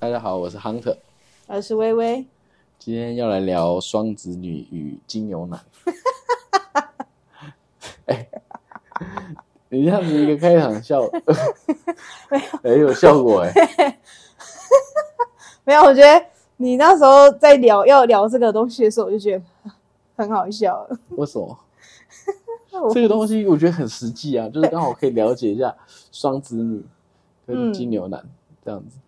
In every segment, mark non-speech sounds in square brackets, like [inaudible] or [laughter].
大家好，我是亨特，我是微微，今天要來聊雙子女與金牛男。哎，你這樣子一個開場笑，沒有很有效果哎、欸。 [laughs] 沒有，我覺得你那時候在聊要聊這個東西的時候，我就覺得很好笑。為什麼？ [laughs] 這個東西我覺得很實際啊， [laughs] 就是剛好可以了解一下雙子女跟金牛男、嗯、這樣子。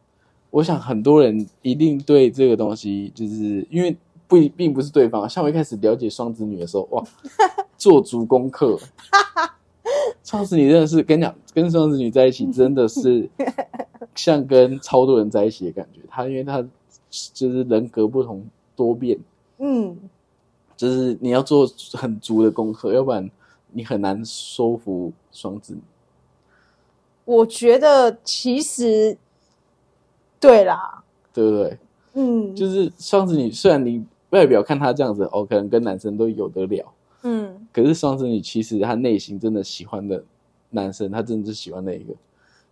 我想很多人一定對這個東西，就是因為不一並不是對方。像我一開始了解雙子女的時候，哇，做足功課。 [laughs] 雙子女真的是，跟你講，跟雙子女在一起真的是像跟超多人在一起的感覺。他因為他就是人格不同多，多變，嗯，就是你要做很足的功課，要不然你很難說服雙子女。我覺得其實。對啦，對不對？嗯，就是雙子女，雖然你外表看他這樣子，哦，可能跟男生都有得聊，嗯，可是雙子女其實他內心真的喜歡的男生，他真的是喜歡那一個，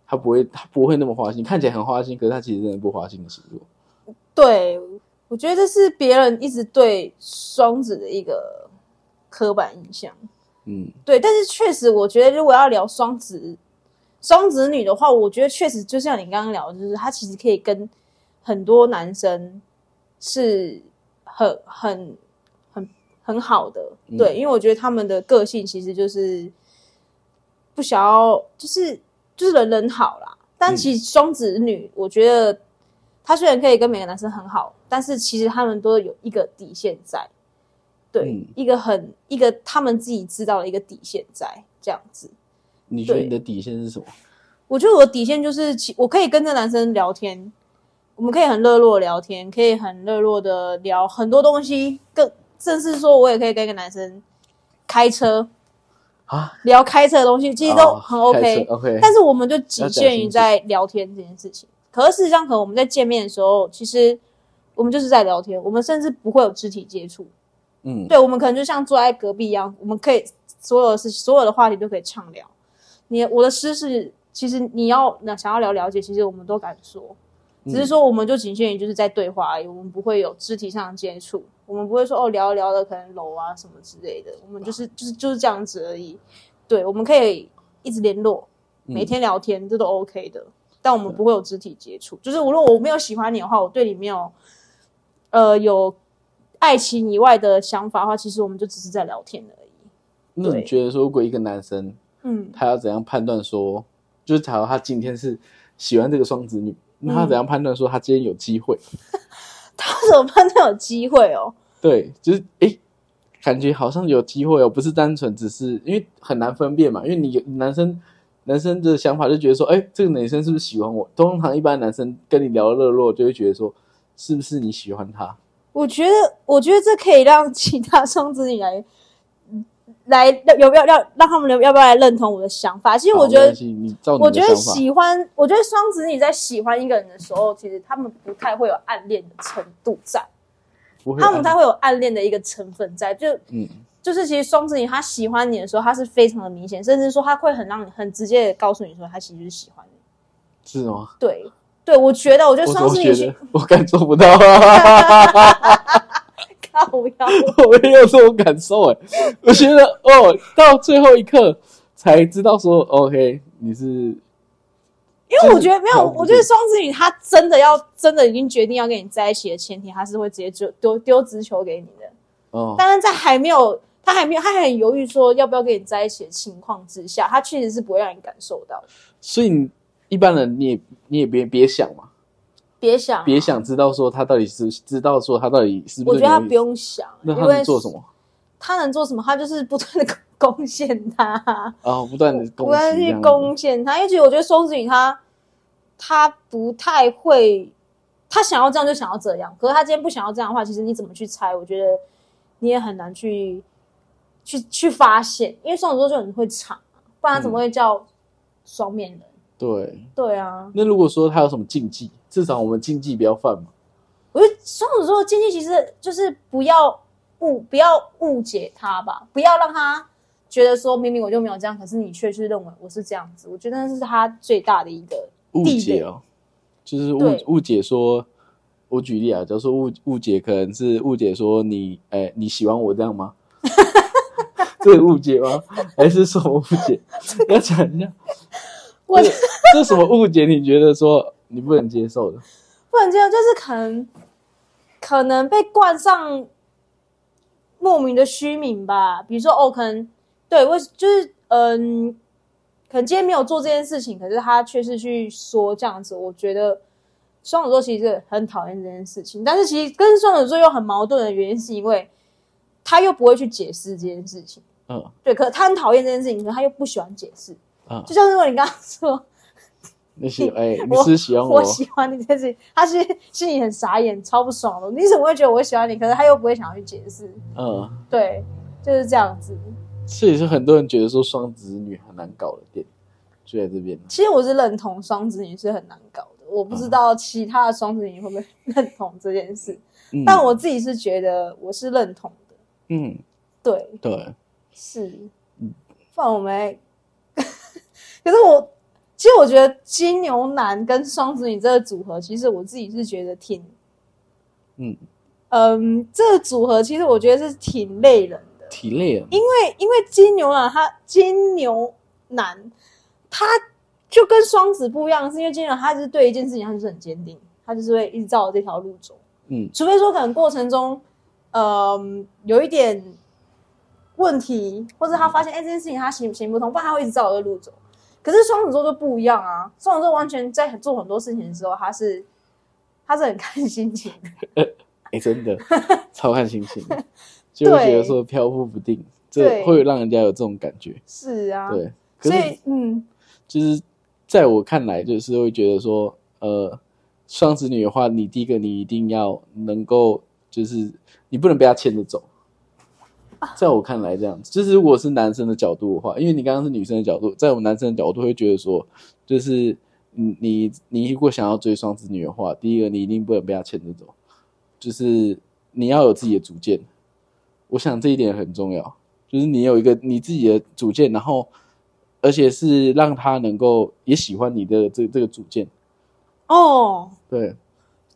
他不會，他不會那麼花心，看起來很花心，可是他其實真的不花心的時候，對，我覺得這是別人一直對雙子的一個刻板印象。嗯，對，但是確實，我覺得如果要聊雙子。雙子女的話，我覺得確實就像你剛剛聊的，就是他其實可以跟很多男生是很很很很好的，嗯、對，因為我覺得他們的個性其實就是不想要，就是就是人人好啦。但其實雙子女，我覺得他雖然可以跟每個男生很好，但是其實他們都有一個底線在，對，嗯、一個很一個他們自己知道的一個底線在這樣子。你覺得你的底線是什麼？我覺得我的底線就是，其，我可以跟這男生聊天，我們可以很熱絡的聊天，可以很熱絡的聊很多東西，更甚至說我也可以跟一個男生開車啊，聊開車的東西，其實都很 OK。OK。但是我們就僅限於在聊天這件事情。可是事實上，可能我們在見面的時候，其實我們就是在聊天，我們甚至不會有肢體接觸。嗯，對，我們可能就像坐在隔壁一樣，我們可以所有的事，所有的話題都可以暢聊。你我的私事，其實你要那想要聊了解，其實我們都敢說，只是說我們就僅限於就是在對話而已，我們不會有肢體上的接觸，我們不會說哦，聊一聊的可能摟啊什麼之類的，我們就是就是就是這樣子而已。對，我們可以一直聯絡，每天聊天這都 OK 的，但我們不會有肢體接觸。就是如果我沒有喜歡你的話，我對你沒有呃有愛情以外的想法的話，其實我們就只是在聊天而已。那你覺得說如果一個男生？嗯，他要怎樣判斷說，嗯、就是假如他今天是喜歡這個雙子女，嗯、那他怎樣判斷說他今天有機會？嗯、他怎麼判斷有機會哦？對，就是哎、欸，感覺好像有機會哦，不是單純只是因為很難分辨嘛，因為你男生男生的想法就覺得說，哎、欸，這個女生是不是喜歡我？通常一般男生跟你聊得熱絡，就會覺得說，是不是你喜歡他？我覺得，我覺得這可以讓其他雙子女來。來，有沒有要，要讓他們來？要不要來認同我的想法？其實我覺得，你你我覺得喜歡，我覺得雙子女在喜歡一個人的時候， [laughs] 其實他們不太會有暗戀的程度在，他們不太會有暗戀的一個成分在，就嗯，就是其實雙子女他喜歡你的時候，他是非常的明顯，甚至說他會很讓你很直接的告訴你說，他其實是喜歡你，是嗎？對對，我覺得，我覺得雙子女，我該做不到，啊。 [laughs] 他不、啊、要我！ [laughs] 我也有這種感受哎、欸，我覺得 [laughs] 哦，到最後一刻才知道說，OK，你是，就是、因為我覺得沒有，哦、我覺得雙子女他真的要真的已經決定要跟你在一起的前提，他是會直接就丢丟直球給你的。哦，但是在還沒有他還沒有他，沒有他很猶豫說要不要跟你在一起的情況之下，他確實是不會讓你感受到的。所以一般人你也你也別別想嘛。別想，別想知道說他到底是好知道說他到底是不是。我覺得他不用想。他能做什麼？他能做什麼？他就是不斷的貢獻他。啊、哦，不斷的攻不，不斷的去貢獻他。因為其實我覺得雙子女他他不太會，他想要這樣就想要這樣。可是他今天不想要這樣的話，其實你怎麼去猜？我覺得你也很難去去去發現，因為雙子座就很會藏，不然怎麼會叫雙面的？嗯對對啊，那如果說他有什麼禁忌，至少我們禁忌不要犯嘛。我覺得雙子座禁忌其實就是不要誤不要誤解他吧，不要讓他覺得說明明我就沒有這樣，可是你卻是認為我是這樣子。我覺得那是他最大的一個誤解哦，就是誤對誤解說，我舉例啊，就是誤誤解可能是誤解說你哎你喜歡我這樣嗎？這 [laughs] 誤解嗎？ [laughs] 還是說我誤解？ [laughs] 要講一下。這這我什麼誤解？你覺得說你不能接受的， [laughs] 不能接受就是可能可能被冠上莫名的虛名吧。比如說哦，可能對，為就是嗯、呃，可能今天沒有做這件事情，可是他卻是去說這樣子。我覺得雙子座其實很討厭這件事情，但是其實跟雙子座又很矛盾的原因，是因為他又不會去解釋這件事情。嗯，對，可他很討厭這件事情，可他又不喜歡解釋。就像如果你剛剛說，你是哎，你是喜歡我，我，我喜歡你這件事情，他是心，心裡很傻眼，超不爽的。你怎麼會覺得我喜歡你？可是他又不會想要去解釋。嗯，嗯對，就是這樣子。這也是很多人覺得說雙子女很難搞的點，就在這邊。其實我是認同雙子女是很難搞的，我不知道其他的雙子女會不會認同這件事，嗯，但我自己是覺得我是認同的。嗯，對對，對是。嗯，放我們。可是我，其實我覺得金牛男跟雙子女這個組合，其實我自己是覺得挺，嗯嗯，這個組合其實我覺得是挺累人的，挺累人。因為因為金牛男他金牛男，他就跟雙子不一樣，是因為金牛男他就是對一件事情他就是很堅定，他就是會一直照着這條路走。嗯，除非說可能過程中，嗯、呃，有一點問題，或者他發現哎、嗯欸、這件事情他行行不通，不然他會一直照着這個路走。可是雙子座就不一樣啊！雙子座完全在做很多事情的時候，他是他是很看心情的，誒、 [laughs] 欸、真的 [laughs] 超看心情的， [laughs] 對就會覺得說飄忽不定，這會讓人家有這種感覺。對對是啊，對，可是所以嗯，就是在我看來，就是會覺得說，呃，雙子女的話，你第一個你一定要能夠，就是你不能被他牽着走。在我看來，這樣子就是如果是男生的角度的話，因為你剛剛是女生的角度，在我們男生的角度會覺得說，就是你你你如果想要追雙子女的話，第一個你一定不能被他牽着走，就是你要有自己的主見。我想這一點很重要，就是你有一個你自己的主見，然後而且是讓他能夠也喜歡你的這這個主見。哦，對，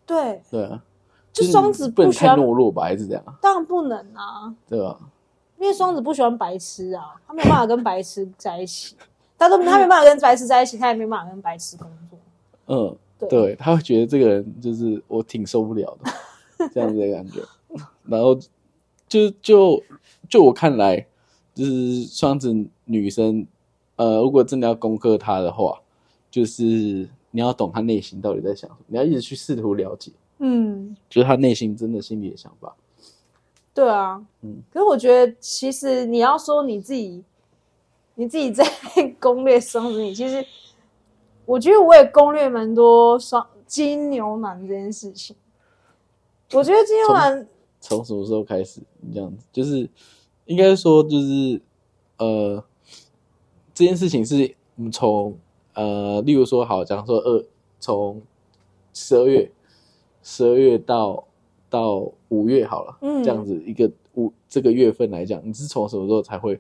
對對啊，就雙子不，就是不能太懦弱吧，還是這樣？當然不能啊，對啊，對吧？因為雙子不喜歡白痴啊，他沒有辦法跟白痴在一起， [laughs] 他說他沒辦法跟白痴在一起， [laughs] 他也沒辦法跟白痴工作。嗯，對，對，他會覺得這個人就是我挺受不了的， [laughs] 這樣子的感覺。然後，就就就我看來，就是雙子女生，呃，如果真的要攻克他的話，就是你要懂他內心到底在想什麼，你要一直去試圖了解，嗯，就是他內心真的心裡的想法。對啊，嗯，可是我覺得，其實你要說你自己，你自己在攻略雙子，你其實，我覺得我也攻略蠻多雙金牛男這件事情。我覺得金牛男從，從什麼時候開始，你這樣子？就是應該說，就是呃，這件事情是，我們，嗯，從呃，例如說，好，假如說呃，從十二月，哦，十二月到。到五月好了，嗯，這樣子一個五這個月份來講，你是從什麼時候才會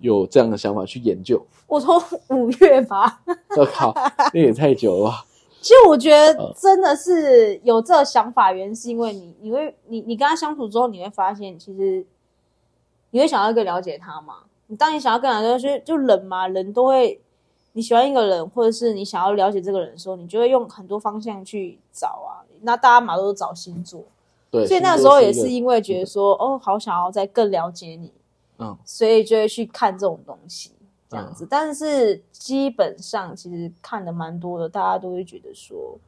有這樣的想法去研究？我從五月吧，我 [laughs] 靠，那也太久了吧。其實我覺得真的是有這個想法，原因是因為你，你會你你跟他相處之後，你會發現其實你會想要更了解他嘛。你當你想要更了解，就是就人嘛，人都會你喜歡一個人，或者是你想要了解這個人的時候，你就會用很多方向去找啊。那大家嘛都是找星座。所以那時候也是因為覺得說，哦，好想要再更了解你，嗯，所以就會去看這種東西，這樣子。嗯、但是基本上其實看的蠻多的，大家都會覺得說，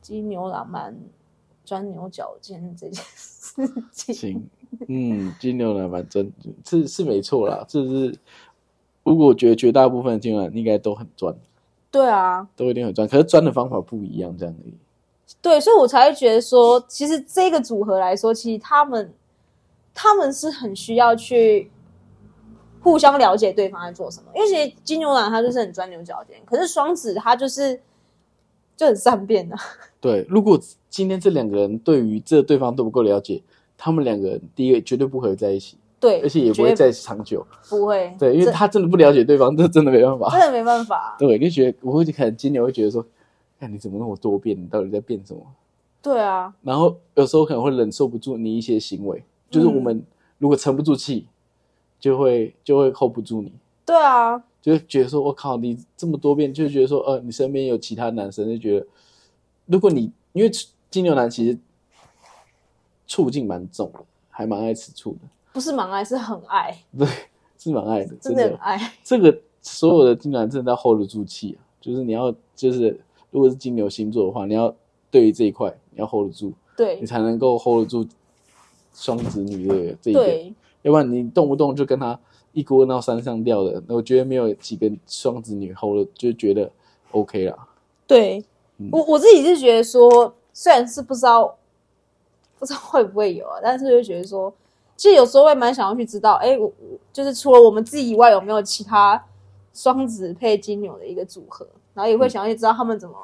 金牛男蠻鑽牛角尖這件事情。行，嗯，金牛男蠻鑽是是沒錯啦，就是如果我覺得絕大部分的金牛男應該都很鑽，對啊，都一定很鑽，可是鑽的方法不一樣，這樣而已。對，所以我才會覺得說，其實這個組合來說，其實他們，他們是很需要去互相了解對方在做什麼。因為其實金牛男他就是很鑽牛角尖，可是雙子他就是就很善變的、啊。對，如果今天這兩個人對於這對方都不夠了解，他們兩個人第一個絕對不和在一起，對，而且也不會在一起長久，不會。對，因為他真的不了解對方，這，這真的沒辦法，真的沒辦法、啊。對，就覺得我會去看金牛會覺得說。看、哎，你怎麼那麼多變？你到底在變什麼？對啊。然後有時候可能會忍受不住你一些行為，嗯、就是我們如果沉不住氣，就會就會 hold 不住你。對啊，就、oh God。就覺得說我靠，你這麼多變，就覺得說呃，你身邊有其他男生，就覺得如果你因為金牛男其實醋勁蠻重的，還蠻愛吃醋的。不是蠻愛，是很愛。對，是蠻愛的，真的很愛真的。這個所有的金牛男真的要 hold 得住氣啊， [laughs] 就是你要就是。如果是金牛星座的話，你要對於這一塊，你要 hold 得住，對，你才能夠 hold 得住雙子女的對這一塊，要不然你動不動就跟他一鍋鬧三上吊的，那我覺得沒有幾個雙子女 hold 就覺得 OK 了。對、嗯、我我自己是覺得說，雖然是不知道不知道會不會有啊，但是就覺得說，其實有時候我也蠻想要去知道，哎、欸，我我就是除了我們自己以外，有沒有其他雙子配金牛的一個組合？然後也會想要知道他們怎麼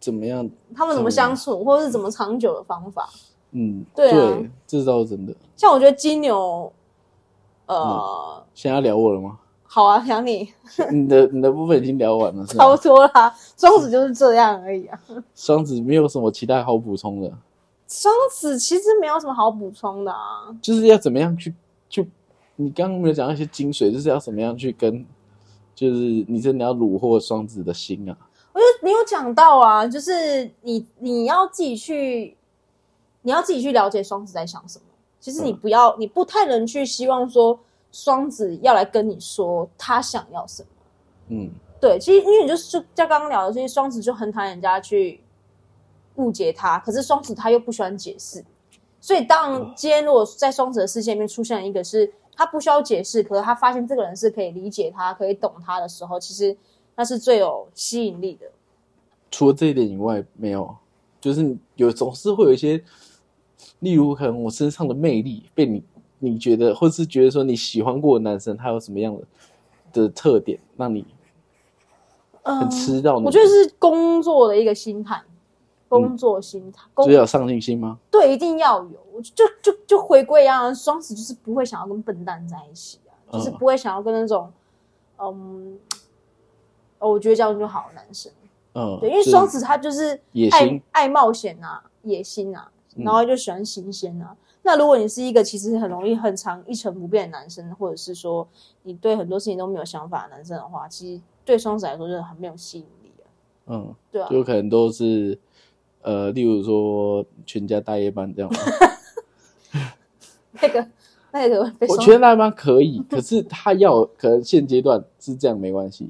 怎麼樣，他們怎麼相處，或者是怎麼長久的方法。嗯，對啊，這倒是真的。像我覺得金牛，呃，想要聊我了嗎？好啊，聊你。你的你的部分已經聊完了，差不多啦。雙子就是這樣而已啊。雙子沒有什麼其他好補充的。雙子其實沒有什麼好補充的啊。就是要怎麼樣去就你剛剛沒有講到一些精髓，就是要怎麼樣去跟。就是你真的要虜獲雙子的心啊！我覺得你有講到啊，就是你你要自己去，你要自己去了解雙子在想什麼。其實你不要，嗯，你不太能去希望說雙子要來跟你說他想要什麼。嗯，對，其實因為你就是像剛剛聊的，所以雙子就很討厭人家去誤解他。可是雙子他又不喜歡解釋，所以當今天如果在雙子的世界裡面出現了一個是。哦他不需要解釋，可是他發現這個人是可以理解他，可以懂他的時候，其實那是最有吸引力的。除了這一點以外，沒有，就是有，總是會有一些，例如可能我身上的魅力被你你覺得，或是覺得說你喜歡過的男生，他有什麼樣的的特點讓你很吃到，呃？我覺得是工作的一個心態。工作心態，只有上進心嗎？對，一定要有。就就就回歸啊，雙子就是不會想要跟笨蛋在一起啊，嗯、就是不會想要跟那種，嗯，哦、我覺得這樣就好的男生，嗯，對，因為雙子他就是愛是愛冒險啊，野心啊，然後就喜歡新鮮啊。嗯、那如果你是一個其實很容易很長一成不變的男生，或者是說你對很多事情都沒有想法的男生的話，其實對雙子來說就是很沒有吸引力的，嗯，對啊，有可能都是。呃，例如說全家大夜班這樣，那個那個，我覺得大夜班可以， [laughs] 可是他要可能現階段是這樣沒關係，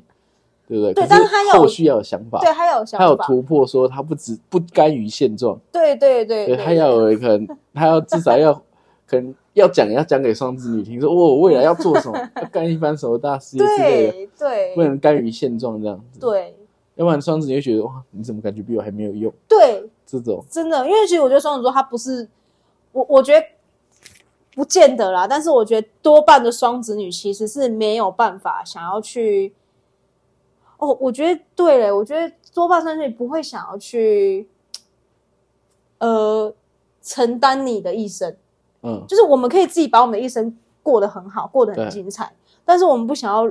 對不對？對，但是他有後續要有想法，對，他有想法，突破，說他不止不甘於現狀，對對對，他要有可能他要至少要 [laughs] 可能要講要講給雙子女聽說，說、哦、我未來要做什麼， [laughs] 要幹一番什麼大事業之類的，對，對，不能甘於現狀這樣子，對。要不然雙子女會覺得哇，你怎麼感覺比我還沒有用？對，這種真的，因為其實我覺得雙子座他不是我，我覺得不見得啦。但是我覺得多半的雙子女其實是沒有辦法想要去哦，我覺得對嘞，我覺得多半雙子女不會想要去呃承擔你的一生，嗯，就是我們可以自己把我們的一生過得很好，過得很精彩，對但是我們不想要，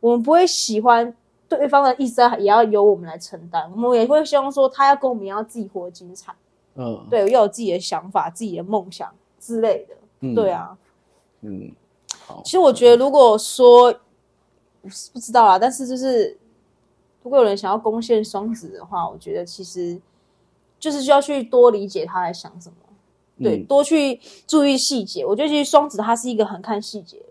我們不會喜歡。對方的意思，要也要由我們來承擔，我們也會希望說，他要跟我們要自己活得精彩，嗯，對，要有自己的想法、自己的夢想之類的，對啊，嗯，其實我覺得，如果說，是不知道啦，但是就是，如果有人想要攻陷雙子的話，我覺得其實，就是需要去多理解他來想什麼，對，多去注意細節。我覺得其實雙子他是一個很看細節的，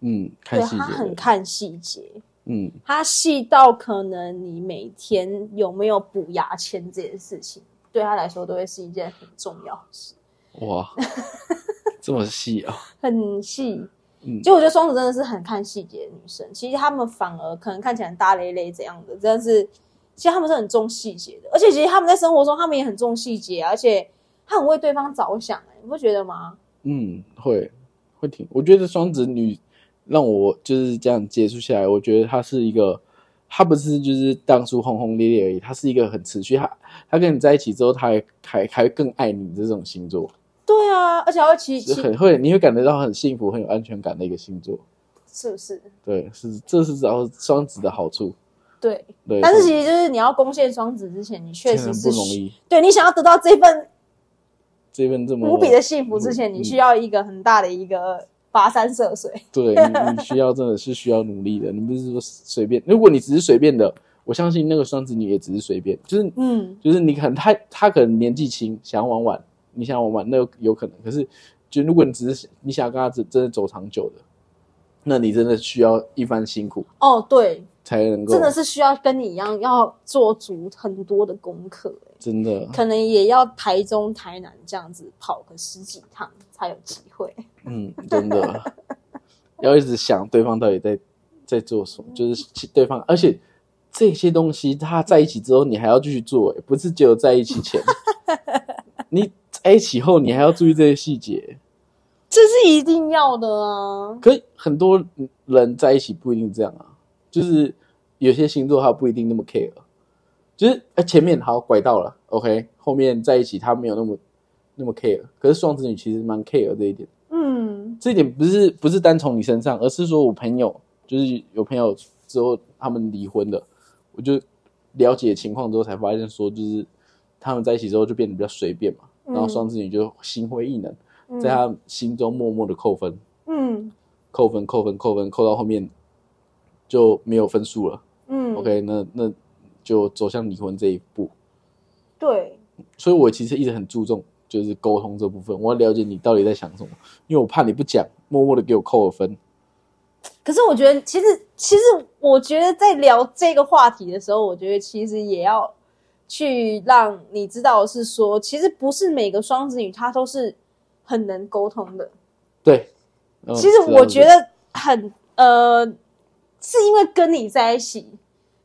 嗯，對，他很看細節。嗯，他細到可能你每天有沒有補牙籤這件事情，對他來說都會是一件很重要的事。哇， [laughs] 這麼細啊！很細。嗯，其實我覺得雙子真的是很看細節的女生。其實他們反而可能看起來很大大咧咧這樣的，但是其實他們是很重細節的。而且其實他們在生活中，他們也很重細節，而且他很為對方着想、欸，你不覺得嗎？嗯，會會挺。我覺得雙子女。讓我就是這樣接觸下來，我覺得他是一個，他不是就是當初轟轟烈烈而已，他是一個很持續。他他跟你在一起之後，他還還還會更愛你這種星座。對啊，而且而且很會，其，你會感覺到很幸福、很有安全感的一個星座，是不是？是對，是這是只有雙子的好處。對，對但是其實就是你要攻陷雙子之前，你確實是不容易。對，你想要得到這份這份這麼無比的幸福之前，你需要一個很大的一個。嗯嗯跋山涉水，對，你需要真的是需要努力的。 [laughs] 你不是說隨便，如果你只是隨便的，我相信那個雙子女也只是隨便，就是嗯，就是你可能他他可能年紀輕，想要玩玩，你想要玩玩那有可能。可是，就如果你只是你想要跟他真的走長久的，那你真的需要一番辛苦。哦，對。才能夠真的是需要跟你一樣要做足很多的功課、欸，真的，可能也要台中、台南這樣子跑個十幾趟才有機會。嗯，真的， [laughs] 要一直想對方到底在在做什麼，就是對方， [laughs] 而且這些東西他在一起之後，你還要繼續做、欸，不是只有在一起前， [laughs] 你在一起後，你還要注意這些細節，這是一定要的啊。可很多人在一起不一定這樣啊，就是。有些星座他不一定那麼 care，就是哎、欸、前面好拐到了，OK，後面在一起他沒有那麼那麼 care，可是雙子女其實蠻 care 的這一點，嗯，這一點不是不是單從你身上，而是說我朋友就是有朋友之後他們離婚了，我就了解情況之後才發現說就是他們在一起之後就變得比較隨便嘛，嗯、然後雙子女就心灰意冷，在他心中默默的扣分，嗯，扣分，扣分扣分扣分扣到後面就沒有分數了。OK，那那就走向離婚這一步。對，所以我其實一直很注重就是溝通這部分，我要了解你到底在想什麼，因為我怕你不講，默默地給我扣了分。可是我覺得，其實其實我覺得在聊這個話題的時候，我覺得其實也要去讓你知道，是說其實不是每個雙子女她都是很能溝通的。對，是是其實我覺得很呃，是因為跟你在一起。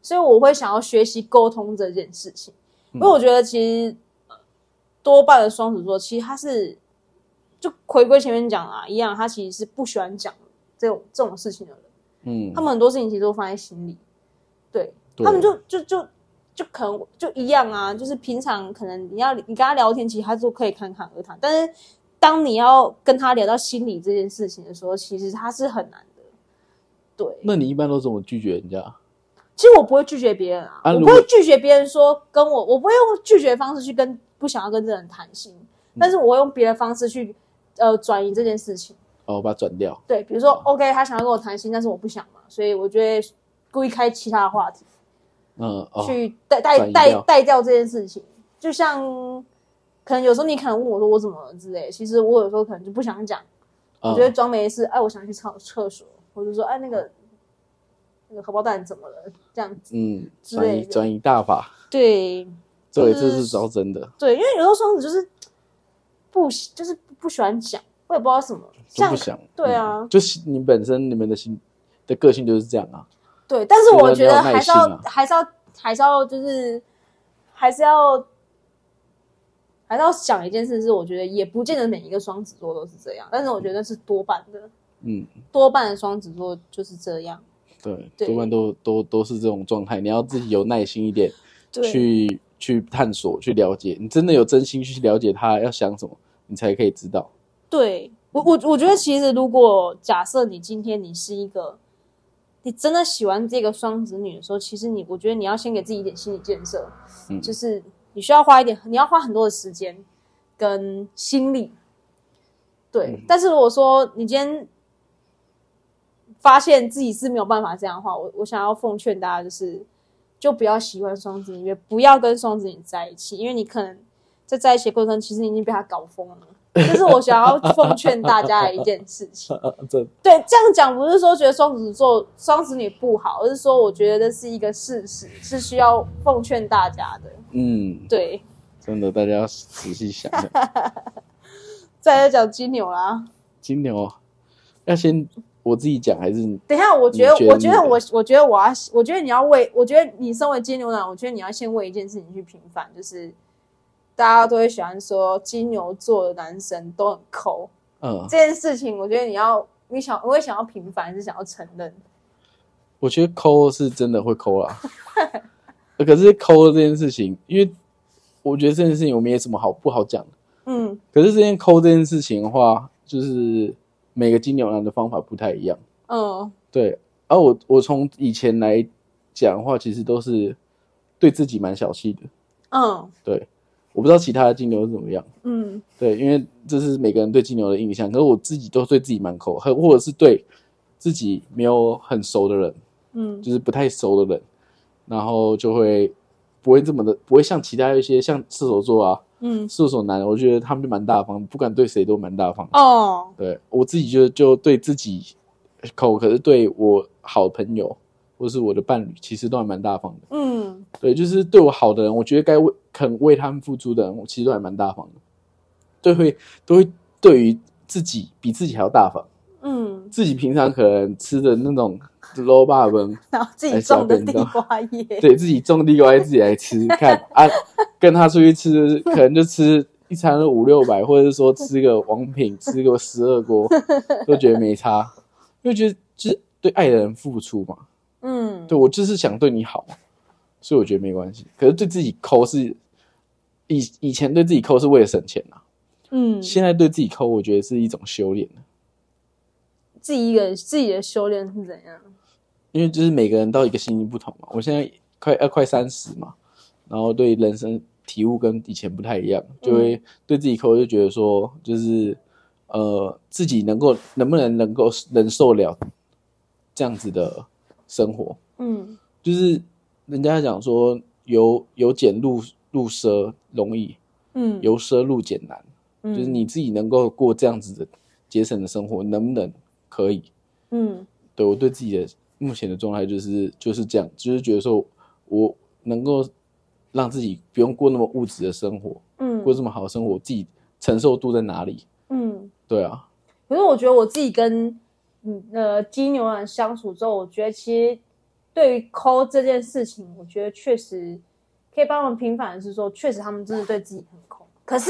所以我會想要學習溝通這件事情，嗯，因為我覺得其實多半的雙子座，其實他是就回歸前面講啊一樣，他其實是不喜歡講這種這種事情的人。嗯，他們很多事情其實都放在心裡，對，對，他們就就就就可能就一樣啊，就是平常可能你要你跟他聊天，其實他都可以侃侃而談，但是當你要跟他聊到心理這件事情的時候，其實他是很難的。對，那你一般都怎麼拒絕人家？其實我不會拒絕別人啊，啊我不會拒絕別人說跟我，我不會用拒絕的方式去跟不想要跟這人談心，嗯、但是我會用別的方式去呃轉移這件事情。哦，我把它轉掉。對，比如說、嗯、OK，他想要跟我談心，但是我不想嘛，所以我覺得故意開其他的話題，嗯，哦、去帶帶帶帶掉這件事情。就像可能有時候你可能問我說我怎麼了之類，其實我有時候可能就不想講，嗯、我覺得裝沒事。哎，我想去廁廁所，我就說哎那個那個荷包蛋怎麼了？這樣子，嗯，轉移轉移大法，對，就是、對，這、就是招真的，對，因為有時候雙子就是不就是不,不喜歡講，我也不知道什麼，就不想，對啊，嗯、就是你本身你們的心的個性就是這樣啊，對，但是我覺得還是要、啊、還是要還是要,還是要就是還是要還是要想一件事是，我覺得也不見得每一個雙子座都是這樣，但是我覺得是多半的，嗯，多半的雙子座就是這樣。對，多半都都都對是這種狀態。你要自己有耐心一點去，去對去探索、去了解。你真的有真心去了解他要想什麼，你才可以知道。對，我，我我覺得其實如果假設你今天你是一個，你真的喜歡這個雙子女的時候，其實你我覺得你要先給自己一點心理建設，嗯，就是你需要花一點，你要花很多的時間跟心力。對，嗯、但是如果說你今天。發現自己是沒有辦法這樣的話，我我想要奉勸大家就是，就不要喜歡雙子女，也不要跟雙子女在一起，因為你可能在在一起的過程其實你已經被他搞瘋了。這是我想要奉勸大家的一件事情。 [laughs] 對，這樣講不是說覺得雙子座雙子女不好，而是說我覺得這是一個事實，是需要奉勸大家的。嗯，對，真的，大家要仔細想一下。 [laughs] 再來講金牛啦，金牛要先。我自己講還是你等一下？我覺得，我覺得我覺得我，我我覺得，我要，我覺得你要為，我覺得你身為金牛男，我覺得你要先為一件事情去平反，就是大家都會喜歡說金牛座的男生都很摳，嗯，這件事情，我覺得你要你想，我會想要平反還是想要承認的？我覺得摳是真的會摳啦。 [laughs] 可是摳這件事情，因為我覺得這件事情我沒什麼好不好講，嗯，可是這件摳這件事情的話，就是。每個金牛男的方法不太一樣，哦、oh. 對。而、啊、我，我從以前來講的話，其實都是對自己蠻小氣的，嗯，oh. 對。我不知道其他的金牛是怎麼樣，嗯，mm. 對，因為這是每個人對金牛的印象。可是我自己都對自己蠻摳，或者是對自己沒有很熟的人，嗯，mm. 就是不太熟的人，然後就會不會這麼的，不會像其他一些像射手座啊。嗯，射手男的，我覺得他們就蠻大方，不管對誰都蠻大方的。哦，對，我自己就就對自己摳，可是對我好朋友或是我的伴侶，其實都還蠻大方的。嗯，對，就是對我好的人，我覺得該為肯為他們付出的人，我其實都還蠻大方的，都會都會對於自己比自己還要大方。自己平常可能吃的那種 low b a [laughs] 然後自己種的地瓜葉， [laughs] 對，自己種地瓜葉 [laughs] 自己來吃，吃看，看啊，跟他出去吃，可能就吃一餐五六百，或者是說吃個王品，吃個十二鍋，都覺得沒差，因為覺得就是對愛的人付出嘛，嗯，對，我就是想對你好，所以我覺得沒關係。可是對自己摳是，以以前對自己摳是為了省錢啊，嗯，現在對自己摳，我覺得是一種修煉。自己一個人自己的修煉是怎樣？因為就是每個人到一個心意不同嘛。我現在快二、啊、快三十嘛，然後對人生體悟跟以前不太一樣，嗯、就會對自己摳，就覺得說就是，呃，自己能夠能不能能夠忍受了這樣子的生活？嗯，就是人家講說由由儉入入奢容易，嗯，由奢入儉難，嗯、就是你自己能夠過這樣子的節省的生活，能不能？可以，嗯，對我對自己的目前的狀態就是就是這樣，就是覺得說，我能夠讓自己不用過那麼物質的生活，嗯，過這麼好的生活，我自己承受度在哪裡？嗯，對啊。可是我覺得我自己跟嗯呃金牛男相處之後，我覺得其實對於摳這件事情，我覺得確實可以幫我們平反的是說，確實他們就是對自己很摳、啊。可是，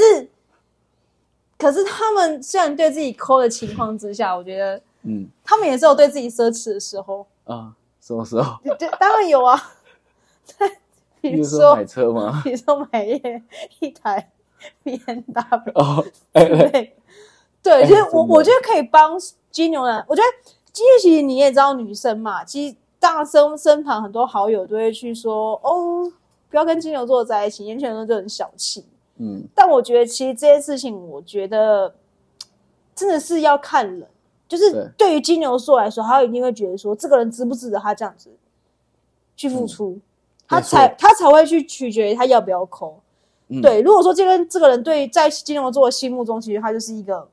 可是他們雖然對自己摳的情況之下，嗯、我覺得。嗯，他們也是有對自己奢侈的時候啊。什麼時候？當然有啊。比如說買車嗎？比如說買一一台 BMW。哦，對對。對，其實我我覺得可以幫金牛男。我覺得其實你也知道女生嘛，其實男生身旁很多好友都會去說：“哦，不要跟金牛座在一起，因為金牛座就很小氣。”嗯。但我覺得其實這些事情，我覺得真的是要看人。就是對於金牛座來說，他一定會覺得說，這個人值不值得他這樣子去付出，嗯、他才他才會去取決於他要不要摳、嗯。對，如果說今天這個人對在金牛座的心目中，其實他就是一個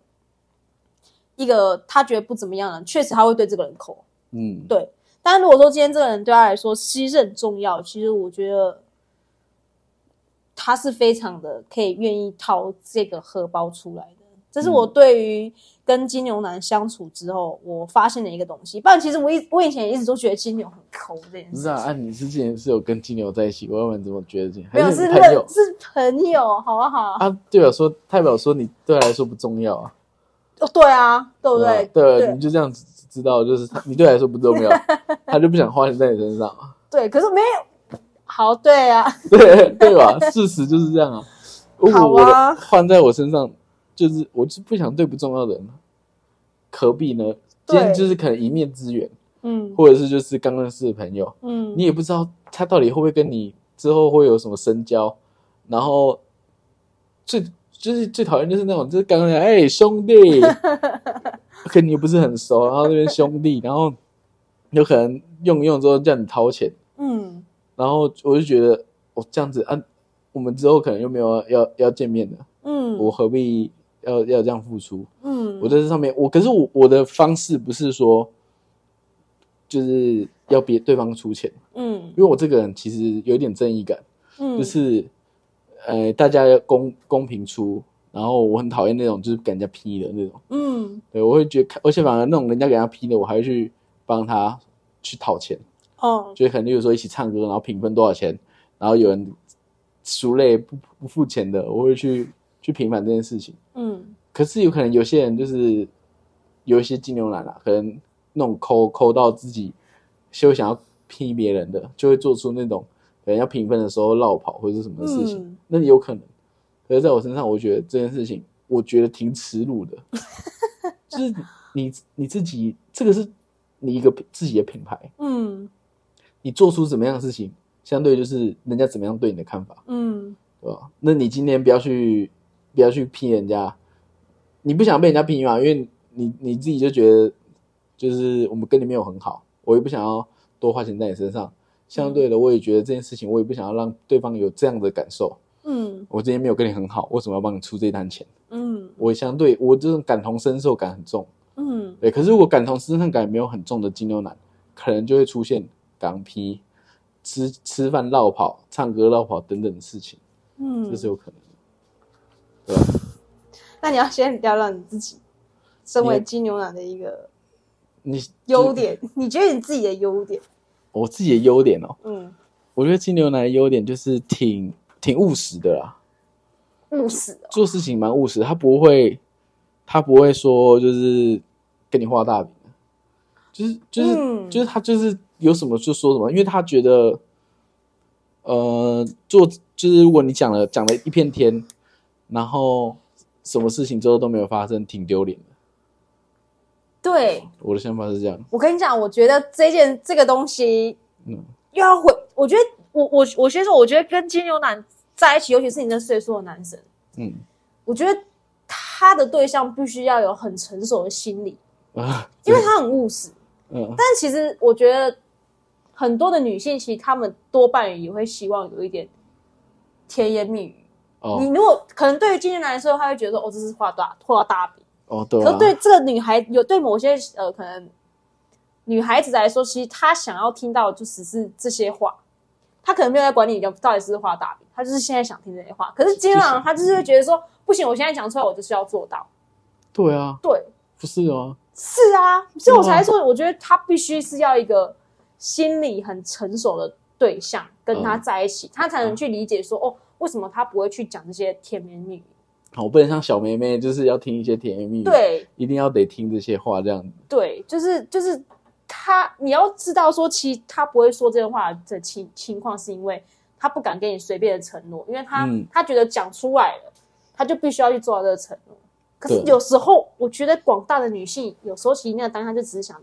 一個他覺得不怎麼樣的人，確實他會對這個人摳。嗯，對。但如果說今天這個人對他來說犧牲很重要，其實我覺得他是非常的可以願意掏這個荷包出來的。這是我對於跟金牛男相處之後我發現的一個東西。不然，其實我一我以前一直都覺得金牛很摳這件事。不是啊，你之前是有跟金牛在一起，我問怎麼覺得這樣？沒有，是朋友，是朋友，好不好？他代表說，代表說，你對他來說不重要啊？哦，對啊，對不對？對，你就這樣子知道，就是你對他來說不重要，他就不想花錢在你身上。對，可是沒有，好對啊，對對吧？事實就是這樣啊。如果我，換在我身上。就是我就不想對不重要的人，何必呢？今天就是可能一面之緣，嗯，或者是就是剛認識的朋友，嗯，你也不知道他到底會不會跟你之後會有什麼深交，然後最就是最討厭就是那種就是剛剛講，哎兄弟， [laughs] 跟你又不是很熟，然後那邊兄弟，然後有可能用一用之後叫你掏錢，嗯，然後我就覺得我、哦、這樣子啊，我們之後可能又沒有要要，要見面的，嗯，我何必。要要這樣付出，嗯，我在這上面，我可是我我的方式不是說就是要逼對方出錢，嗯，因為我這個人其實有一點正義感，嗯，就是呃大家要公公平出，然後我很討厭那種就是給人家批的那種，嗯，對，我會覺得，而且反而那種人家給人家批的，我還會去幫他去討錢，哦、嗯，就可能有時候一起唱歌，然後平分多少錢，然後有人輸累不不付錢的，我會去。去評判這件事情，嗯，可是有可能有些人就是有一些金牛男啦，可能那種摳摳到自己，休想要批別人的，就會做出那種，人要評分的時候落跑或者是什麼的事情，嗯、那有可能。可是在我身上，我覺得這件事情，我覺得挺恥辱的，嗯、就是你你自己，這個是你一個自己的品牌，嗯，你做出什麼樣的事情，相對就是人家怎麼樣對你的看法，嗯，對吧？那你今天不要去。不要去騙人家，你不想被人家騙嘛？因為你你自己就覺得，就是我們跟你沒有很好，我也不想要多花錢在你身上。嗯、相對的，我也覺得這件事情，我也不想要讓對方有這樣的感受。嗯，我之前沒有跟你很好，為什麼要幫你出這一單錢？嗯，我相對我這種感同身受感很重。嗯，對。可是如果感同身受感也沒有很重的金牛男，可能就會出現港批吃吃飯落跑、唱歌落跑等等的事情。嗯，這是有可能的。對、啊。 [laughs] 那你要先要讓你自己身為金牛男的一個你優點，你，就是、你覺得你自己的優點、哦？我自己的優點哦，嗯，我覺得金牛男的優點就是挺挺務實的啦、啊，務實、哦、做事情蠻務實的，他不會他不會說就是跟你畫大餅，就是就是、嗯、就是他就是有什麼就說什麼，因為他覺得呃做就是如果你講了講了一片天。然後什麼事情之後都沒有發生，挺丟臉的。對，我的想法是這樣。我跟你講，我覺得這件這個東西，嗯，又要回。我覺得我我我先說，我覺得跟金牛男在一起，尤其是你那歲數的男生，嗯，我覺得他的對象必須要有很成熟的心理，啊，因為他很務實。嗯，但其實我覺得很多的女性，其實她們多半也，也會希望有一點甜言蜜語。Oh. 你如果可能對於金牛來說，他會覺得說：“哦，這是畫大畫大餅。Oh, 啊”哦，對。可是對這個女孩有對某些呃，可能女孩子來說，其實她想要聽到就只是這些話，她可能沒有在管理裡面，到底是畫大餅，她就是現在想聽這些話。可是金牛他就是會覺得說：“不行，我現在講出來，我就是要做到。”對啊，對，不是哦、啊、是啊，所以我才說，我覺得他必須是要一個心理很成熟的對象跟他在一起，他、嗯、才能去理解說：“哦。”為什麼他不會去講這些甜言蜜語？我、哦、不能像小妹妹，就是要聽一些甜言蜜語，對，一定要得聽這些話這樣子。對，就是就是他，你要知道說，其實他不會說這些話的情情況，是因為他不敢給你隨便的承諾，因為他、嗯、他覺得講出來了，他就必須要去做到這個承諾。可是有時候，我覺得廣大的女性對有時候其實那個當下就只是想，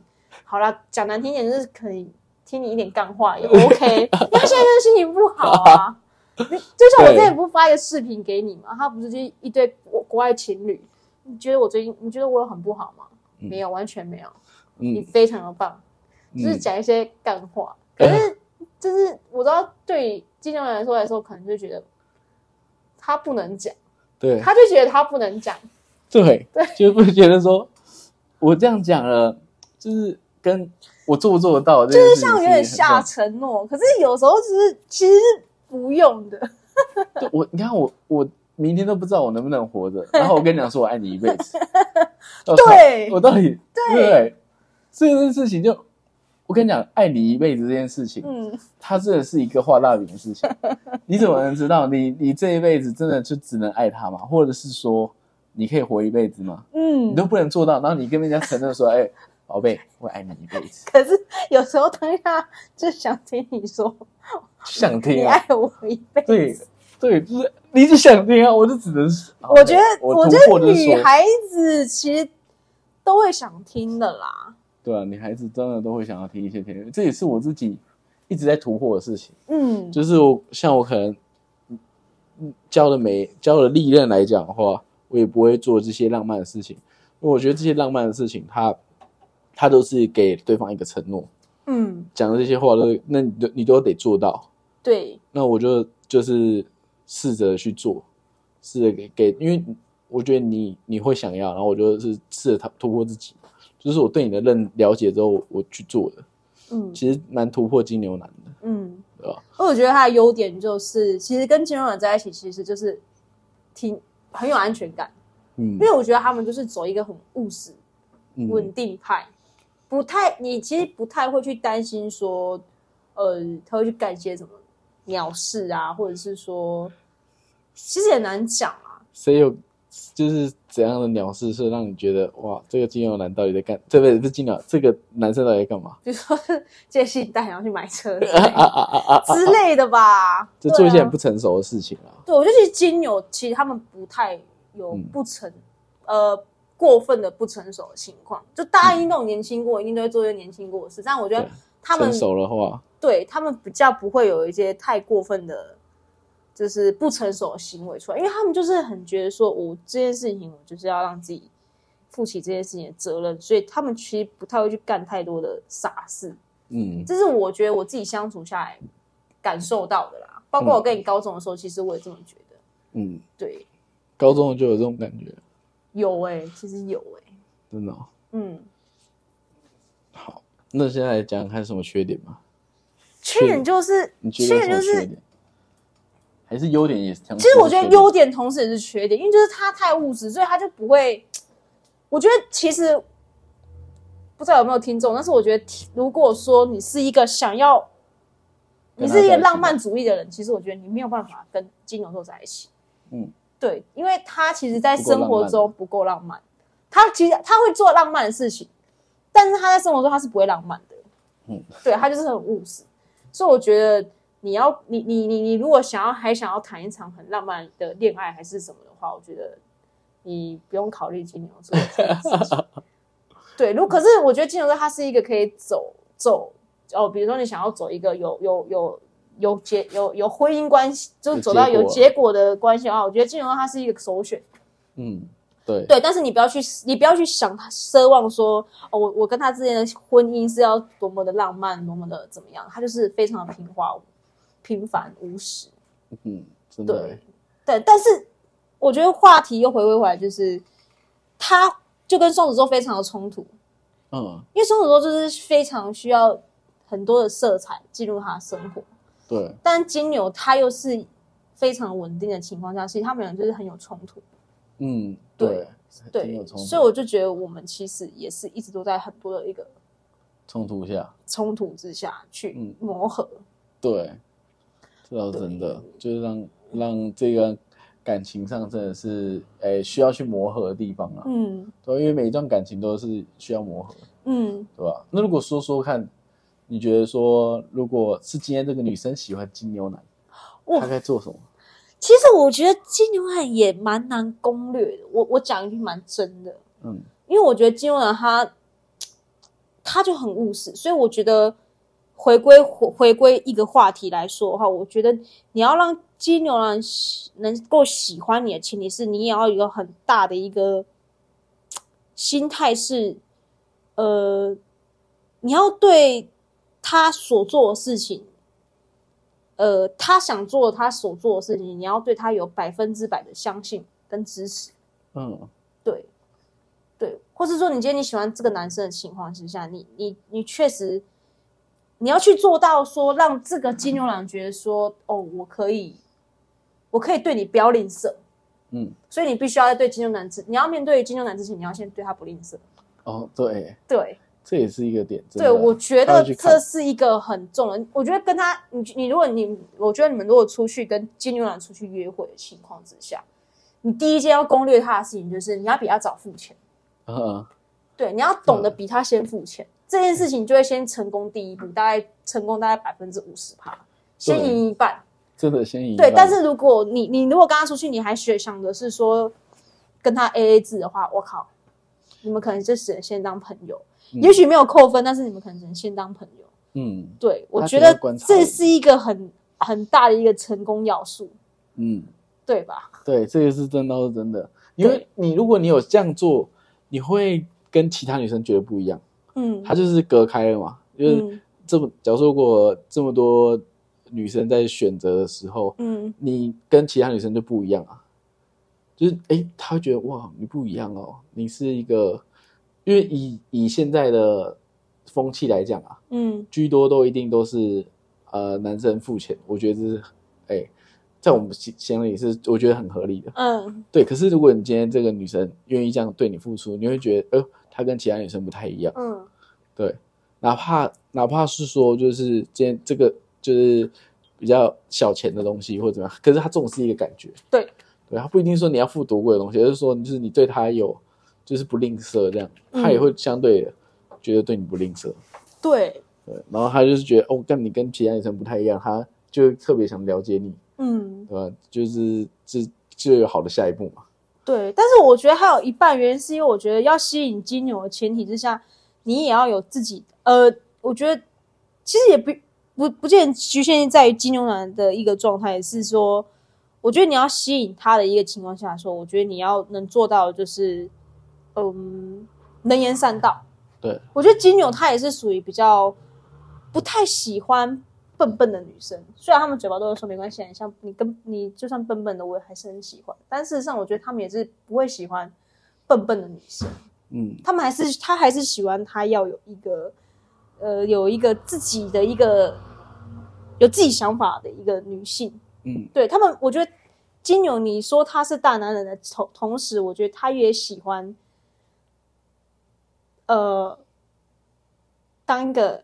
好啦，講難聽一點，就是可以聽你一點幹話也 OK，因為 [laughs] 現在的心情不好啊。 [laughs] 就像我之前不是發一個視頻給你嘛，他不是就一對國國外情侶？你覺得我最近你覺得我有很不好嗎？沒有，完全沒有。你非常的棒，就是講一些乾話。可是就是我知道，對金牛來說來說，可能就覺得他不能講，對，他就覺得他不能講，對，對，就會覺得說我這樣講了，就是跟我做不做得到，就是像有點下承諾。可是有時候就是其實。不用的 [laughs] 就我，我你看我我明天都不知道我能不能活着，然後我跟你講說我愛你一輩子，對 [laughs] 我到底 [laughs] 對不對，對，對？這件事情就我跟你講，愛你一輩子這件事情，嗯，他真的是一個畫大餅的事情。 [laughs] 你怎麼能知道你你這一輩子真的就只能愛他嗎？或者是說你可以活一輩子嗎？嗯，你都不能做到，然後你跟人家承認說，哎、 [laughs] 欸，寶貝，我愛你一輩子。可是有時候等一下就想聽你說。想聽啊！你愛我一輩子。對對，就是你一直想聽啊，我就只能是。我覺得，OK, 我，我覺得女孩子其實都會想聽的啦。對啊，女孩子真的都會想要聽一些甜。這也是我自己一直在突破的事情。嗯。就是我像我可能嗯嗯交的沒交的歷任來講的話，我也不會做這些浪漫的事情。我覺得這些浪漫的事情，他他都是給對方一個承諾。嗯。講的這些話都，那你都你都得做到。對，那我就就是試着去做，試着給給，因為我覺得你你會想要，然後我就是試着他突破自己，就是我對你的認了解之後我，我去做的，嗯，其實蠻突破金牛男的，嗯，對吧？那我覺得他的優點就是，其實跟金牛男在一起，其實就是挺很有安全感，嗯，因為我覺得他們就是走一個很務實、嗯、穩定派，不太你其實不太會去擔心說，呃，他會去幹些什麼。鳥事啊，或者是說，其實也難講啊。誰有就是怎樣的鳥事是讓你覺得哇，這個金牛男到底在幹？特別是金牛這個男生到底在幹嘛？就是說是借信貸然後去買車之類的吧，就做一些很不成熟的事情啊。對,啊對，我就覺得金牛其實他們不太有不成、嗯、呃過分的不成熟的情況，就大家一定都有年輕過一定都、嗯、一定會做一些年輕過的事，但我覺得。他們成熟的話，對他們比較不會有一些太過分的，就是不成熟的行為出來，因為他們就是很覺得說，我這件事情我就是要讓自己負起這件事情的責任，所以他們其實不太會去幹太多的傻事。嗯，這是我覺得我自己相處下來感受到的啦，包括我跟你高中的時候，嗯，其實我也這麼覺得。嗯，對，高中就有這種感覺，有欸，其實有欸，真的哦，嗯。那現在講看什麼缺點吧，缺點就是，缺點就是，還是優點也是。其實我覺得優點同時也是缺點，因為就是他太物質，所以他就不會。我覺得其實不知道有沒有聽眾，但是我覺得，如果說你是一個想要，你是一個浪漫主義的人，其實我覺得你沒有辦法跟金牛座在一起。嗯，對，因為他其實，在生活中不夠浪漫。浪漫他其實他會做浪漫的事情。但是他在生活中他是不會浪漫的，嗯，對，他就是很務實，所以我覺得你要你你你你如果想要還想要談一場很浪漫的戀愛還是什麼的話，我覺得你不用考慮金牛座。 [laughs] 對，如果可是我覺得金牛座他是一個可以走走哦，比如說你想要走一個有有有有結有有婚姻關係，啊、就走到有結果的關係的話，我覺得金牛座他是一個首選。嗯。對，對，但是你不要去，你不要去想奢望說，哦，我我跟他之間的婚姻是要多麼的浪漫，多麼的怎麼樣，他就是非常的平滑，平凡無實。嗯，真的。對，對，但是我覺得話題又回歸回來，就是他就跟雙子座非常的衝突。嗯，因為雙子座就是非常需要很多的色彩進入他的生活。對，但金牛他又是非常穩定的情況下，所以他們兩人就是很有衝突。嗯，對對，對有衝突所以我就覺得我們其實也是一直都在很多的一個衝突下，衝突之下去磨合。嗯、對，這倒是真的對就是讓讓這個感情上真的是哎、欸，需要去磨合的地方啊。嗯，對，因為每一段感情都是需要磨合，嗯，對吧？那如果說說看，你覺得說如果是今天這個女生喜歡金牛男，哇她該做什麼？其實我覺得金牛男也蠻難攻略的，我我講一句蠻真的，嗯，因為我覺得金牛男他，他就很務實，所以我覺得回歸回回歸一個話題來說的話，我覺得你要讓金牛男能夠喜歡你的前提是你也要有一個很大的一個心態是，呃，你要對他所做的事情。呃，他想做他所做的事情，你要對他有百分之百的相信跟支持。嗯，對，對，或是說，你今天你喜歡這個男生的情況之下，你你你確實，你要去做到說，讓這個金牛男覺得說，嗯、哦，我可以，我可以對你不要吝嗇。嗯，所以你必須要在對金牛男之，你要面對金牛男之前，你要先對他不吝嗇。哦，對，對。這也是一個點，啊、對，我覺得這是一個很重的。要我覺得跟他，你你如果你，我覺得你們如果出去跟金牛男出去約會的情況之下，你第一件要攻略他的事情就是你要比他早付錢啊。對，你要懂得比他先付錢，對這件事情就會先成功第一步，大概成功大概百分之五十趴，對先贏一半。真的先贏一半。對，但是如果你你如果跟他出去，你還學想的是說跟他 A A 制的話，我靠，你們可能就只能先當朋友。也許沒有扣分，嗯、但是你們可能只能先當朋友。嗯，對，我覺得這是一個很、嗯、很大的一個成功要素。嗯，對吧？對，這個是真的，是真的。因為對你如果你有這樣做，你會跟其他女生覺得不一樣。嗯，他就是隔開了嘛，就是這麼。假如說如果這麼多女生在選擇的時候，嗯，你跟其他女生就不一樣啊，就是哎、欸，他會覺得哇，你不一樣哦，你是一個。因為以以現在的風氣來講啊，嗯，居多都一定都是呃男生付錢，我覺得這是哎、欸，在我們心心裡是，我覺得很合理的，嗯，對。可是如果你今天這個女生願意這樣對你付出，你會覺得，呃，她跟其他女生不太一樣，嗯，對。哪怕哪怕是說就是今天這個就是比較小錢的東西或者怎麼樣，可是她這種是一個感覺，對，對，她不一定說你要付多貴的東西，而、就是說你是你對她有。就是不吝嗇這樣，嗯、他也會相對覺得對你不吝嗇，對對，對然後他就是覺得哦，跟你跟其他女生不太一樣，他就特別想了解你，嗯，對吧？就是這就有好的下一步嘛。對，但是我覺得還有一半原因是因為我覺得要吸引金牛的前提之下，你也要有自己呃，我覺得其實也不不不，不見局限在在於金牛男的一個狀態，是說我覺得你要吸引他的一個情況下說，我覺得你要能做到就是。嗯，能言善道。對，我覺得金牛他也是屬於比較不太喜歡笨笨的女生。雖然他們嘴巴都在說沒關係，像你跟你就算笨笨的，我還是很喜歡。但事實上，我覺得他們也是不會喜歡笨笨的女生。嗯，他們還是他還是喜歡她要有一個呃，有一個自己的一個有自己想法的一個女性。嗯，對他們，我覺得金牛你說他是大男人的同同時，我覺得他也喜歡。呃，當一個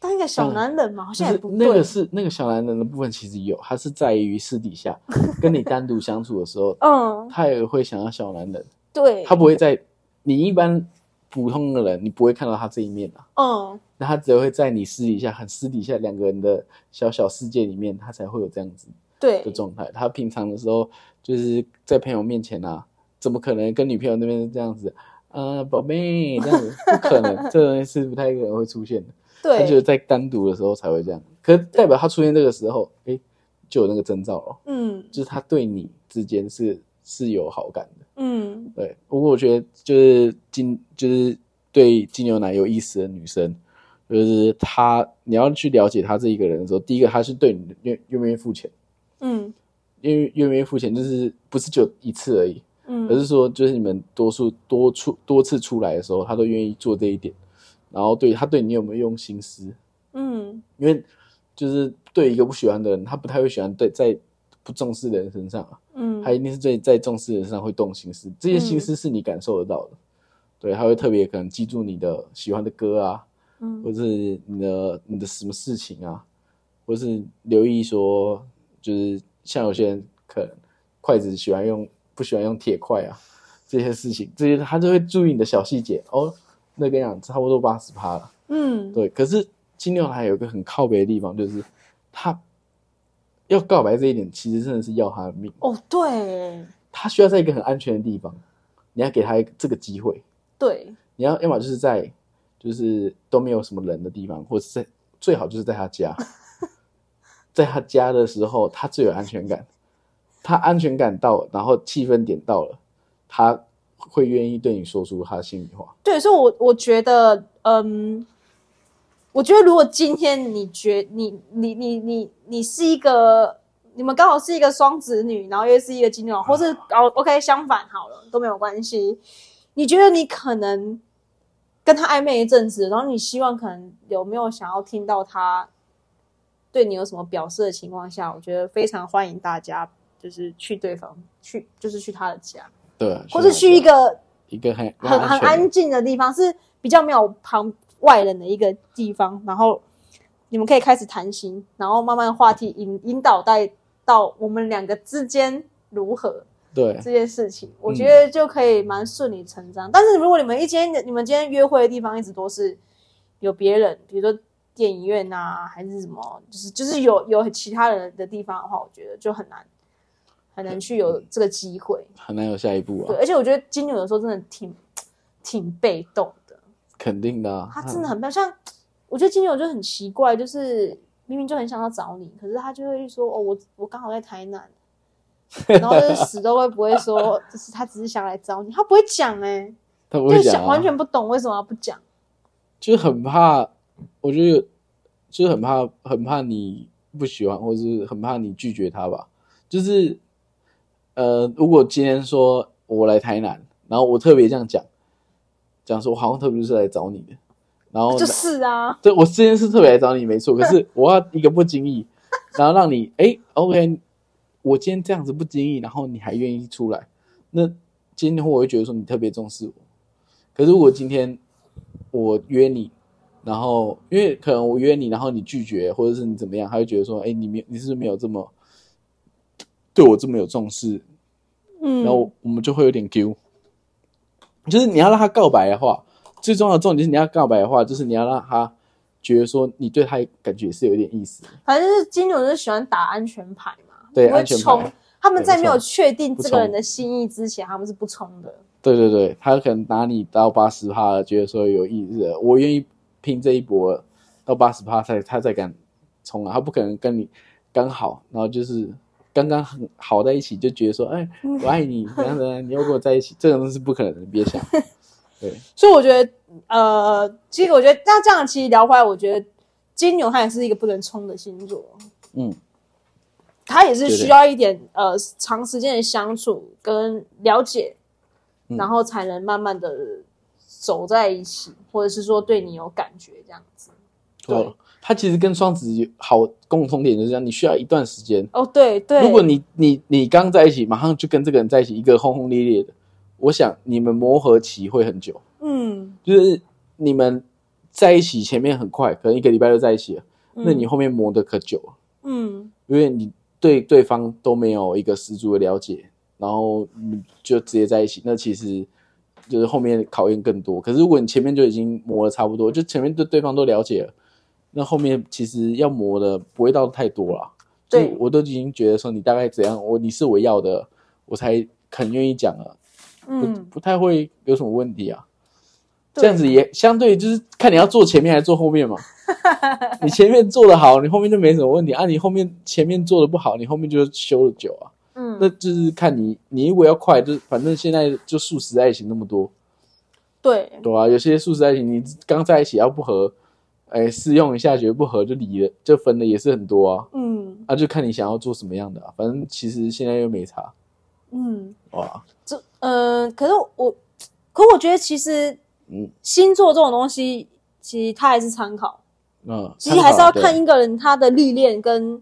當一個小男人嘛，好像也不對。那個是那個小男人的部分，其實有，他是在於私底下跟你單獨相處的時候， [laughs] 嗯，他也會想要小男人。對，他不會在你一般普通的人，你不會看到他這一面的啊。嗯，那他只會在你私底下，很私底下兩個人的小小世界裡面，他才會有這樣子的對的狀態。他平常的時候，就是在朋友面前啊，怎麼可能跟女朋友那邊是這樣子？啊，寶貝，這樣子不可能，這東西是不太可能會出現的。對，他只有在單獨的時候才會這樣。可是代表他出現這個時候，哎，就有那個徵兆了。嗯，就是他對你之間是是有好感的。嗯，對。不過我覺得，就是金，就是對金牛男有意思的女生，就是他，你要去了解他這一個人的時候，第一個他是對你願願不願意付錢。嗯，因為願不願意付錢，就是不是就一次而已。而是說，就是你們多數多出多次出來的時候，他都願意做這一點。然後對，對他對你有沒有用心思？嗯，因為就是對一個不喜歡的人，他不太會喜歡對在不重視的人身上。嗯，他一定是在在重視的人身上會動心思。這些心思是你感受得到的。嗯、對，他會特別可能記住你的喜歡的歌啊，嗯，或者是你的你的什麼事情啊，或者是留意說，就是像有些人可能筷子喜歡用。不喜歡用鐵塊啊，這些事情，這些他就會注意你的小細節哦。那個樣子，差不多八十趴了，嗯，對。可是金牛他有一個很靠北的地方，就是他要告白這一點，其實真的是要他的命哦。對，他需要在一個很安全的地方，你要給他一個這個機會。對，你要要麼就是在就是都沒有什麼人的地方，或者在最好就是在他家， [laughs] 在他家的時候他最有安全感。他安全感到然後氣氛點到了，他會願意對你說出他心裡話。對，所以我，我我覺得，嗯，我覺得如果今天你覺你你你你你是一個，你們剛好是一個雙子女，然後又是一個金牛，嗯、或是哦，OK，相反好了都沒有關係。你覺得你可能跟他曖昧一陣子，然後你希望可能有沒有想要聽到他對你有什麼表示的情況下，我覺得非常歡迎大家。就是去對方去，就是去他的家，對，或是去一個一個很很很安靜的地方，是比較沒有旁外人的一個地方，然後你們可以開始談心，然後慢慢話題引引導帶到我們兩個之間如何對這件事情，我覺得就可以蠻順理成章。嗯、但是如果你們一天你們今天約會的地方一直都是有別人，比如說電影院啊，還是什麼，就是就是有有其他人的地方的話，我覺得就很難。很難去有這個機會，很難有下一步啊。對，而且我覺得金牛有時候真的挺挺被動的，肯定的、啊。他真的很、嗯、像，我覺得金牛就很奇怪，就是明明就很想要找你，可是他就會說：“哦，我我剛好在台南。”然後就死都會不會說， [laughs] 就是他只是想來找你，他不會講哎、欸，他不會講、啊，完全不懂為什麼要不講。就是很怕，我覺得就是很怕，很怕你不喜歡，或是很怕你拒絕他吧，就是。呃，如果今天說我來台南，然後我特別這樣講，講說我好像特別是來找你的，然後就是啊，對，我今天是特別來找你沒錯。可是我要一個不經意， [laughs] 然後讓你哎，OK，我今天這樣子不經意，然後你還願意出來，那今天我會，會覺得說你特別重視我。可是如果今天我約你，然後因為可能我約你，然後你拒絕，或者是你怎麼樣，他會覺得說，哎，你沒有，你是不是沒有這麼。對我這麼有重視，嗯，然後我們就會有點 Q，就是你要讓他告白的話，最重要的重點是你要告白的話，就是你要讓他覺得說你對他感覺也是有點意思。反正，是金牛是喜歡打安全牌嘛，對，安全牌。他們在沒有確定這個人的心意之前，他們是不衝的，不衝。對對對，他可能拿你到八十趴，覺得說有意思，我願意拼這一波到八十趴，才他才敢衝啊，他不可能跟你剛好，然後就是。剛剛很好在一起，就覺得說，哎，我愛你，然後呢，你要跟我在一起， [laughs] 這種是不可能的，別想。對，所以我覺得，呃，其實我覺得，那這樣其實聊回來，我覺得金牛他也是一個不能衝的星座，嗯，他也是需要一點對呃長時間的相處跟了解，嗯、然後才能慢慢的走在一起，或者是說對你有感覺這樣子。對哦他其實跟雙子好共通點就是這樣，你需要一段時間哦，oh，對對。如果你你你剛在一起，馬上就跟這個人在一起，一個轟轟烈烈的，我想你們磨合期會很久。嗯，就是你們在一起前面很快，可能一個禮拜就在一起了，嗯，那你後面磨的可久了。嗯，因為你對對方都沒有一個十足的了解，然後你就直接在一起，那其實就是後面考驗更多。可是如果你前面就已經磨的差不多，就前面對對方都了解了。那後面其實要磨的不會到太多了，對，就我都已經覺得說你大概怎樣，我你是我要的，我才肯願意講了，嗯，不，不太會有什麼問題啊。對這樣子也相對就是看你要坐前面還是坐後面嘛， [laughs] 你前面做的好，你後面就沒什麼問題啊。你後面前面做的不好，你後面就修的久啊。嗯，那就是看你，你如果要快，就反正現在就速食愛情那麼多，對，對啊，有些速食愛情你剛在一起要不合。哎，試用一下，覺得不合就離了，就分了也是很多啊。嗯，啊，就看你想要做什麼樣的，啊。反正其實現在又沒差。嗯，哇，這呃，可是我，可我覺得其實，嗯，星座這種東西，其實它還是參考。嗯，其實還是要看一個人他的歷練跟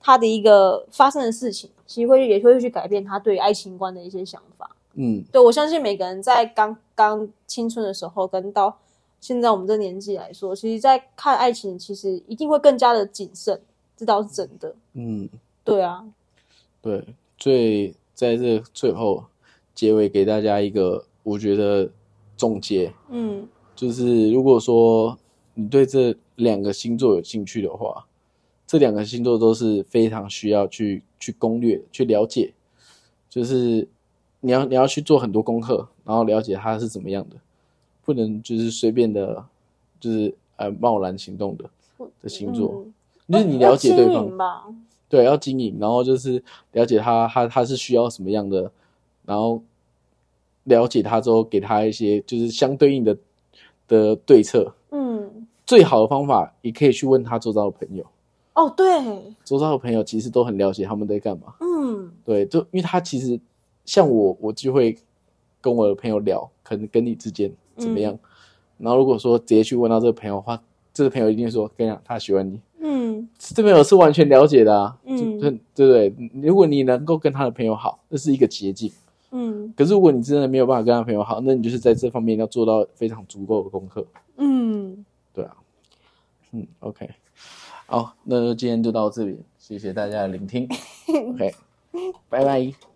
他的一個發生的事情，對其實會也會去改變他對愛情觀的一些想法。嗯，對，我相信每個人在剛剛青春的時候跟到。現在我們這年紀來說，其實，在看愛情，其實一定會更加的謹慎，這倒是真的。嗯，對啊，對，最在這最後結尾給大家一個，我覺得總結，嗯，就是如果說你對這兩個星座有興趣的話，這兩個星座都是非常需要去去攻略、去了解，就是你要你要去做很多功課，然後了解他是怎麼樣的。不能就是隨便的，就是呃貿然行動的的星座，嗯、就是你了解對方，對，要經營，然後就是了解他，他他是需要什麼樣的，然後了解他之後，給他一些就是相對應的的對策。嗯，最好的方法，你可以去問他周遭的朋友。哦，對，周遭的朋友其實都很了解他們在幹嘛。嗯，對，就因為他其實像我，我就會跟我的朋友聊，可能跟你之間。怎麼樣？嗯，然後如果說直接去問到這個朋友的話，這個朋友一定會說，跟你講，他喜歡你。嗯，這朋友是完全了解的啊。嗯，對對對。如果你能夠跟他的朋友好，那是一個捷徑。嗯。可是如果你真的沒有辦法跟他的朋友好，那你就是在這方面要做到非常足夠的功課。嗯，對啊。嗯，OK。好，那就今天就到這裡，謝謝大家的聆聽。OK， [laughs] 拜拜。